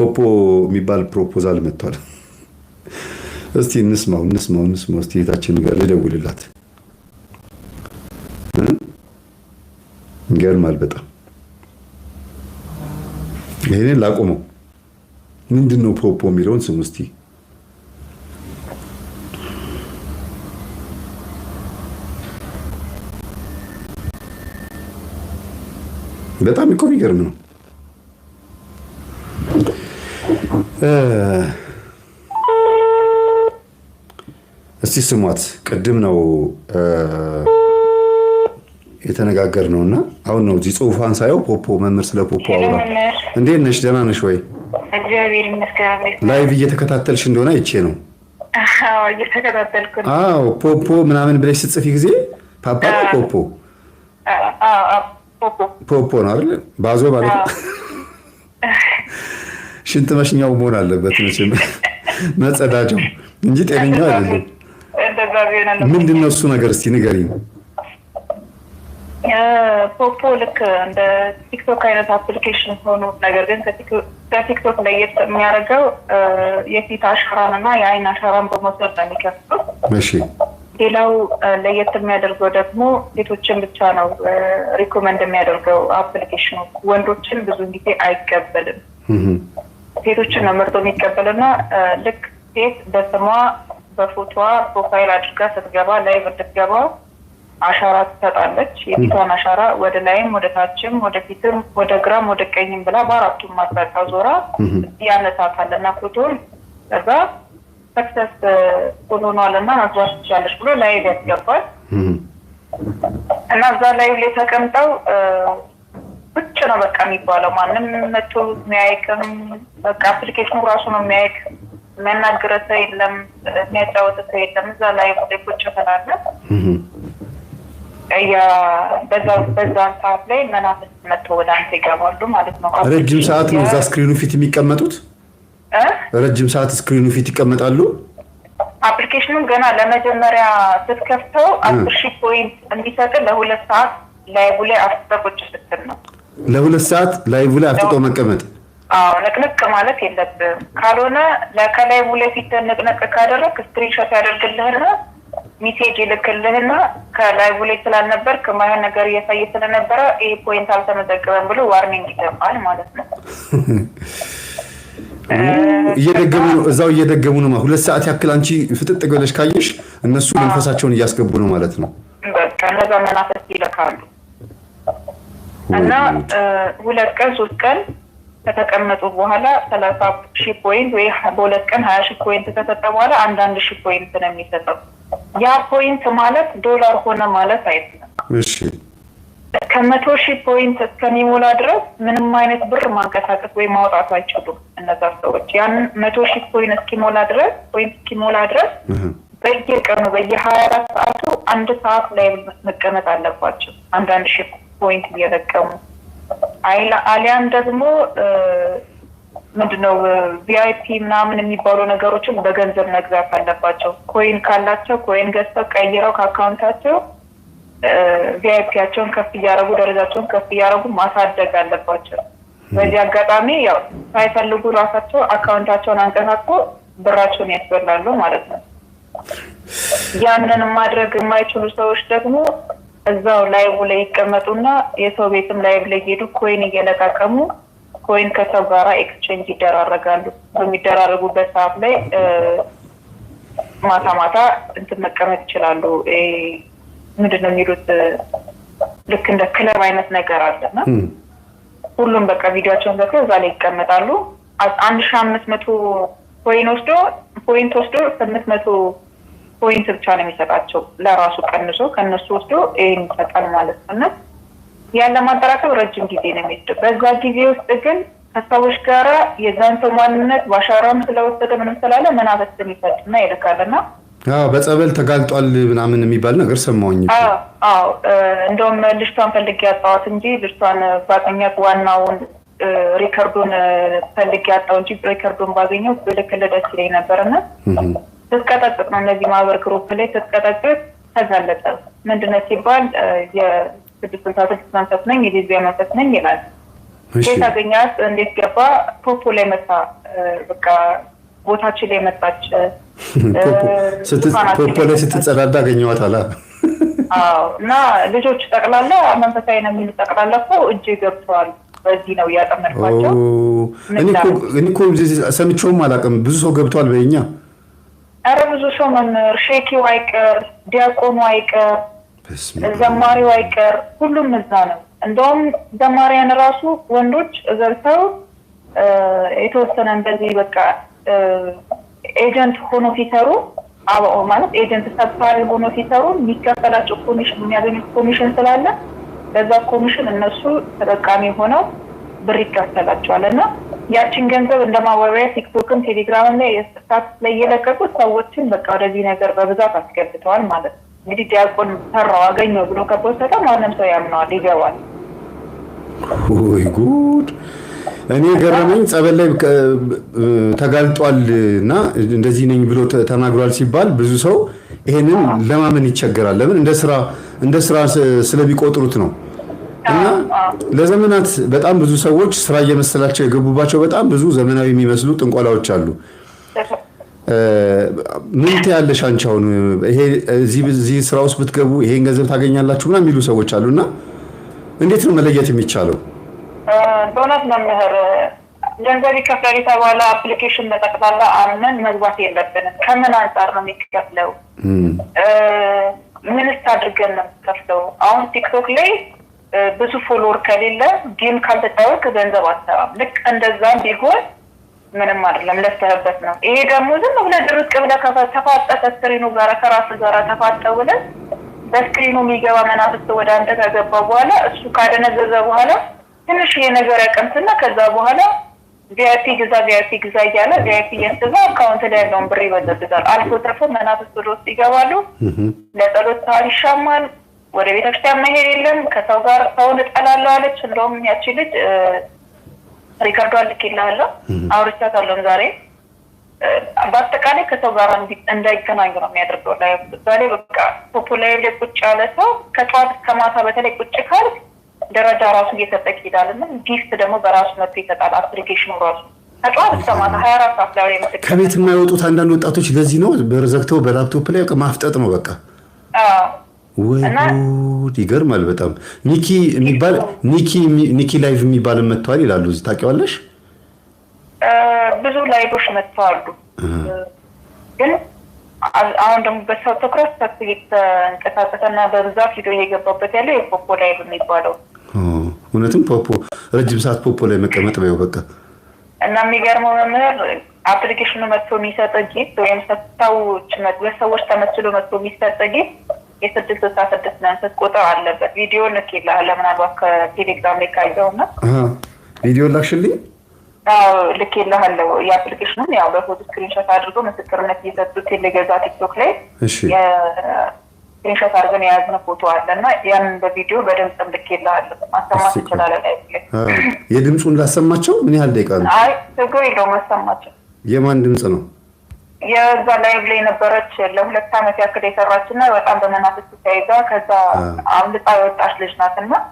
ፖፖ የሚባል ፕሮፖዛል መጥቷል። እስቲ እንስማው እንስማው እንስማው። እስቲ የታችን ጋር ልደውልላት። ይገርማል በጣም ይሄንን ላቆመው። ምንድን ነው ፖፖ የሚለውን ስሙ እስቲ። በጣም እኮ የሚገርም ነው። እስቲ ስሟት። ቅድም ነው የተነጋገር ነው እና አሁን ነው እዚህ ጽሁፏን ሳየው ፖፖ መምህር ስለ ፖፖ አውራ። እንዴት ነሽ? ደህና ነሽ ወይ? ላይቭ እየተከታተልሽ እንደሆነ አይቼ ነው። አዎ ፖፖ ምናምን ብለሽ ስጽፊ ጊዜ ፓፓ ፖፖ ፖፖ ነው አይደል? ባዞ ማለት ነው ሽንት መሽኛው መሆን አለበት መጸዳጃው እንጂ ጤነኛው አይደለም። ምንድን ነው እሱ ነገር? እስቲ ንገሪ። ፖፖ ልክ እንደ ቲክቶክ አይነት አፕሊኬሽን ሆኖ ነገር ግን ከቲክቶክ ለየት የሚያደርገው የፊት አሻራን እና የአይን አሻራን በመውሰድ ነው የሚከፍቱት። ሌላው ለየት የሚያደርገው ደግሞ ሴቶችን ብቻ ነው ሪኮመንድ የሚያደርገው አፕሊኬሽኑ፣ ወንዶችን ብዙ ጊዜ አይቀበልም። ሴቶችን ነው መርጦ የሚቀበልና ልክ ሴት በስሟ በፎቷ ፕሮፋይል አድርጋ ስትገባ ላይ እንድትገባ አሻራ ትሰጣለች። የፊቷን አሻራ ወደ ላይም ወደ ታችም ወደ ፊትም ወደ ግራም ወደ ቀኝም ብላ በአራቱም ማስረቃ ዞራ ያነሳታል እና ፎቶን እዛ ሰክሰስ ሆኖኗል እና መግባት ትችላለች ብሎ ላይ ያስገባል እና እዛ ላይ ላይ ተቀምጠው ብቻ ነው በቃ የሚባለው። ማንም መቶ የሚያይክም በቃ አፕሊኬሽኑ ራሱ ነው የሚያይክ። የሚያናግረ ሰው የለም፣ የሚያጫወተ ሰው የለም። እዛ ላይ ቁጭ ተላለ በዛ ሰዓት ላይ መናፍስት መጥቶ ወደ አንተ ይገባሉ ማለት ነው። ረጅም ሰዓት ነው እዛ ስክሪኑ ፊት የሚቀመጡት። ረጅም ሰዓት ስክሪኑ ፊት ይቀመጣሉ። አፕሊኬሽኑም ገና ለመጀመሪያ ስትከፍተው አስር ሺህ ፖይንት እንዲሰጥ ለሁለት ሰዓት ላይ ቡላይ አፍጠቆች ስትል ነው ለሁለት ሰዓት ላይቭ ላይ አፍጥጦ መቀመጥ አዎ ንቅንቅ ማለት የለብህም። ካልሆነ ከላይቭ ላይ ፊት ንቅንቅ ካደረግ ስክሪንሾት ያደርግልህና ሚሴጅ ይልክልህና ከላይቭ ላይ ስላልነበር ከማይሆን ነገር እያሳየ ስለነበረ ይህ ፖይንት አልተመዘገበም ብሎ ዋርኒንግ ይገባል ማለት ነው። እየደገሙ ነው፣ እዛው እየደገሙ ነው። ሁለት ሰዓት ያክል አንቺ ፍጥጥ ብለሽ ካየሽ እነሱ መንፈሳቸውን እያስገቡ ነው ማለት ነው። በቃ እነዛ መናፈስ ይልካሉ። እና ሁለት ቀን ሶስት ቀን ከተቀመጡ በኋላ ሰላሳ ሺ ፖይንት ወይ በሁለት ቀን ሀያ ሺ ፖይንት ከሰጠ በኋላ አንዳንድ ሺ ፖይንት ነው የሚሰጠው። ያ ፖይንት ማለት ዶላር ሆነ ማለት አይደለም። ከመቶ ሺ ፖይንት እስከሚሞላ ድረስ ምንም አይነት ብር ማንቀሳቀስ ወይ ማውጣት አይችሉም እነዛ ሰዎች። ያን መቶ ሺ ፖይንት እስኪሞላ ድረስ ፖይንት እስኪሞላ ድረስ በየቀኑ በየሀያ አራት ሰዓቱ አንድ ሰዓት ላይ መቀመጥ አለባቸው አንዳንድ ሺ ፖይንት እየለቀሙ አሊያም ደግሞ ምንድነው ቪአይፒ ምናምን የሚባሉ ነገሮችን በገንዘብ መግዛት አለባቸው። ኮይን ካላቸው ኮይን ገዝተው ቀይረው ከአካውንታቸው ቪአይፒያቸውን ከፍ እያደረጉ ደረጃቸውን ከፍ እያደረጉ ማሳደግ አለባቸው። በዚህ አጋጣሚ ያው ሳይፈልጉ ራሳቸው አካውንታቸውን አንቀሳቅሶ ብራቸውን ያስበላሉ ማለት ነው። ያንን ማድረግ የማይችሉ ሰዎች ደግሞ እዛው ላይቭ ላይ ይቀመጡና የሰው ቤትም ላይቭ ላይ ሄዱ ኮይን እየለቃቀሙ ኮይን ከሰው ጋራ ኤክስቼንጅ ይደራረጋሉ። በሚደራረጉበት ሰዓት ላይ ማታ ማታ እንትን መቀመጥ ይችላሉ። ምንድን ነው የሚሉት ልክ እንደ ክለብ አይነት ነገር አለና ሁሉም በቃ ቪዲዮቸውን ዘክ እዛ ላይ ይቀመጣሉ። አንድ ሺ አምስት መቶ ኮይን ወስዶ ፖይንት ወስዶ ስምንት መቶ ፖይንት ብቻ ነው የሚሰጣቸው ለራሱ ቀንሶ ከእነሱ ወስዶ ይህን ይሰጣል ማለት ነው። እና ያን ለማጠራቀም ረጅም ጊዜ ነው የሚወስደው። በዛ ጊዜ ውስጥ ግን ከሰዎች ጋር የዛን ሰው ማንነት ዋሻራም ስለወሰደ ምንም ስላለ መናበስን ይሰጥና ይልካል እና በጸበል ተጋልጧል ምናምን የሚባል ነገር ሰማኝ አዎ እንደውም ልጅቷን ፈልግ ያጣዋት እንጂ ልጅቷን ባገኘት ዋናውን ሪከርዱን ፈልግ ያጣው እንጂ ሪከርዱን ባገኘው ብልክልህ ደስ ይለኝ ነበርና ስትቀጠቅጥ ነው እነዚህ ማህበር ግሩፕ ላይ ስትቀጠቅጥ ተጋለጠ። ምንድነው ሲባል የስድስት ስልሳ ስድስት መንፈስ ነኝ የጊዜ መንፈስ ነኝ ይላል። ሴት አገኛት እንዴት ገባ ፖፖ ላይ መታ በቃ ቦታችን ላይ መጣች። ፖፖ ላይ ስትጸዳዳ አገኘዋት አላ እና ልጆች ጠቅላላ መንፈሳዊ ነው የሚሉ ጠቅላላ እኮ እጅ ገብተዋል። በዚህ ነው እያጠመድኳቸው። እኔ እኮ ሰምቼውም አላውቅም። ብዙ ሰው ገብተዋል በኛ ኧረ ብዙ ሰው መምህር፣ ሼኪው አይቀር፣ ዲያቆኑ አይቀር፣ ዘማሪው አይቀር፣ ሁሉም እዛ ነው። እንደውም ዘማሪያን ራሱ ወንዶች ዘርተው የተወሰነ እንደዚህ በቃ ኤጀንት ሆኖ ሲሰሩ ማለት ኤጀንት ሰፋሪ ሆኖ ሲሰሩ የሚከፈላቸው ኮሚሽን የሚያገኙት ኮሚሽን ስላለ በዛ ኮሚሽን እነሱ ተጠቃሚ ሆነው ብር ይከፈላቸዋል እና ያችን ገንዘብ እንደ ማወሪያ ቲክቶክም ቴሌግራም ላይ የስታት ላይ ሰዎችን በቃ ወደዚህ ነገር በብዛት አስገብተዋል ማለት ነው። እንግዲህ ዲያቆን ሰራው አገኘው ብሎ ከፖስተታ ማንም ሰው ያምነዋል፣ ይገባል። ወይ ጉድ! እኔ ገረመኝ። ጸበል ላይ ተጋልጧል እና እንደዚህ ነኝ ብሎ ተናግሯል ሲባል ብዙ ሰው ይሄንን ለማመን ይቸገራል። ለምን እንደ ስራ እንደ ስራ ስለሚቆጥሩት ነው። እና ለዘመናት በጣም ብዙ ሰዎች ስራ እየመሰላቸው የገቡባቸው በጣም ብዙ ዘመናዊ የሚመስሉ ጥንቆላዎች አሉ። ምን ትያለሽ አንቺ? አሁን ይሄ እዚህ ስራ ውስጥ ብትገቡ ይሄን ገንዘብ ታገኛላችሁ ምናምን የሚሉ ሰዎች አሉ እና እንዴት ነው መለየት የሚቻለው? በእውነት መምህር ገንዘብ ይከፍላል የተባለ አፕሊኬሽን ለጠቅላላ አምነን መግባት የለብንም። ከምን አንጻር ነው የሚከፍለው? ምንስ አድርገን ነው የሚከፍለው? አሁን ቲክቶክ ላይ ብዙ ፎሎወር ከሌለ ጌም ካልተጫወቅ ገንዘብ አሰራም። ልክ እንደዛም ቢሆን ምንም አይደለም፣ ለስተህበት ነው። ይሄ ደግሞ ዝም ብለህ ድርቅ ብለህ ተፋጠህ ከስክሪኑ ጋር ከራስ ጋር ተፋጠ ብለህ በስክሪኑ የሚገባ መናፍስት ወደ አንተ ከገባ በኋላ እሱ ካደነዘዘ በኋላ ትንሽ የነገር ያቀምስና ከዛ በኋላ ቪአይፒ ግዛ ቪአይፒ ግዛ እያለ ቪአይፒ እያስገዛ አካውንት ላይ ያለውን ብር ይበዘብዛል። አልፎ ተርፎ መናፍስት ወደ ውስጥ ይገባሉ። ለጸሎት ታሪክ ይሻማል። ወደ ቤተክርስቲያን መሄድ የለም ከሰው ጋር ሰውን እጠላለሁ አለች። እንደውም ያቺ ልጅ ሪከርዶ ልኬልሃለሁ አውርቻታለሁም ዛሬ በአጠቃላይ ከሰው ጋር እንዳይገናኙ ነው የሚያደርገው። ዛሬ በቃ ፖፖ ላይ ቁጭ ያለ ሰው ከጠዋት እስከ ማታ በተለይ ቁጭ ካል ደረጃ ራሱ እየሰጠ ይሄዳል እና ጊፍት ደግሞ በራሱ መጥቶ ይሰጣል። አፕሊኬሽኑ ራሱ ከጠዋት እስከ ማታ ሀያ አራት ሰዓት ላይ ከቤት የማይወጡት አንዳንድ ወጣቶች ለዚህ ነው በር ዘግተው በላፕቶፕ ላይ ማፍጠጥ ነው በቃ ወይ ይገርማል በጣም ኒኪ የሚባል ኒኪ ኒኪ ላይቭ የሚባል መጥተዋል ይላሉ። እዚህ ታውቂዋለሽ? ብዙ ላይቮች መጥተዋሉ። ግን አሁን ደግሞ በሰው ትኩረት ሰፊ የተንቀሳቀሰና በብዛት ሂዶ እየገባበት ያለው የፖፖ ላይቭ የሚባለው እውነትም ፖፖ ረጅም ሰዓት ፖፖ ላይ መቀመጥ ነው በቃ። እና የሚገርመው መምህር አፕሊኬሽኑ መጥቶ የሚሰጠ ጌት ወይም ሰታዎች በሰዎች ተመስሎ መጥቶ የሚሰጠ ጌት የስድስት ስልሳ ስድስት መንስት ቁጥር አለበት። ቪዲዮ ልክ ይልሃለሁ። ምናልባት ከቴሌግራም ላይ ካየውና ቪዲዮ ላክሽልኝ ልክ ይልሃለሁ። የአፕሊኬሽኑን ያው በፎቶ ስክሪንሾት አድርጎ ምስክርነት እየሰጡ ቴሌገዛ ቲክቶክ ላይ ስክሪንሾት አድርገን የያዝነ ፎቶ አለ እና ያን በቪዲዮ በድምፅም ልክ ይልሃለሁ። ማሰማት ይችላለን። የድምፁን ላሰማቸው ምን ያህል ደቂቃ ነው? አይ ችግር የለውም አሰማቸው። የማን ድምፅ ነው? የዛ ላይቭ ላይ የነበረች ለሁለት አመት ያክል የሰራች ና በጣም በመናፍስት ተይዛ ከዛ አምልጣ የወጣች ልጅ ናት እና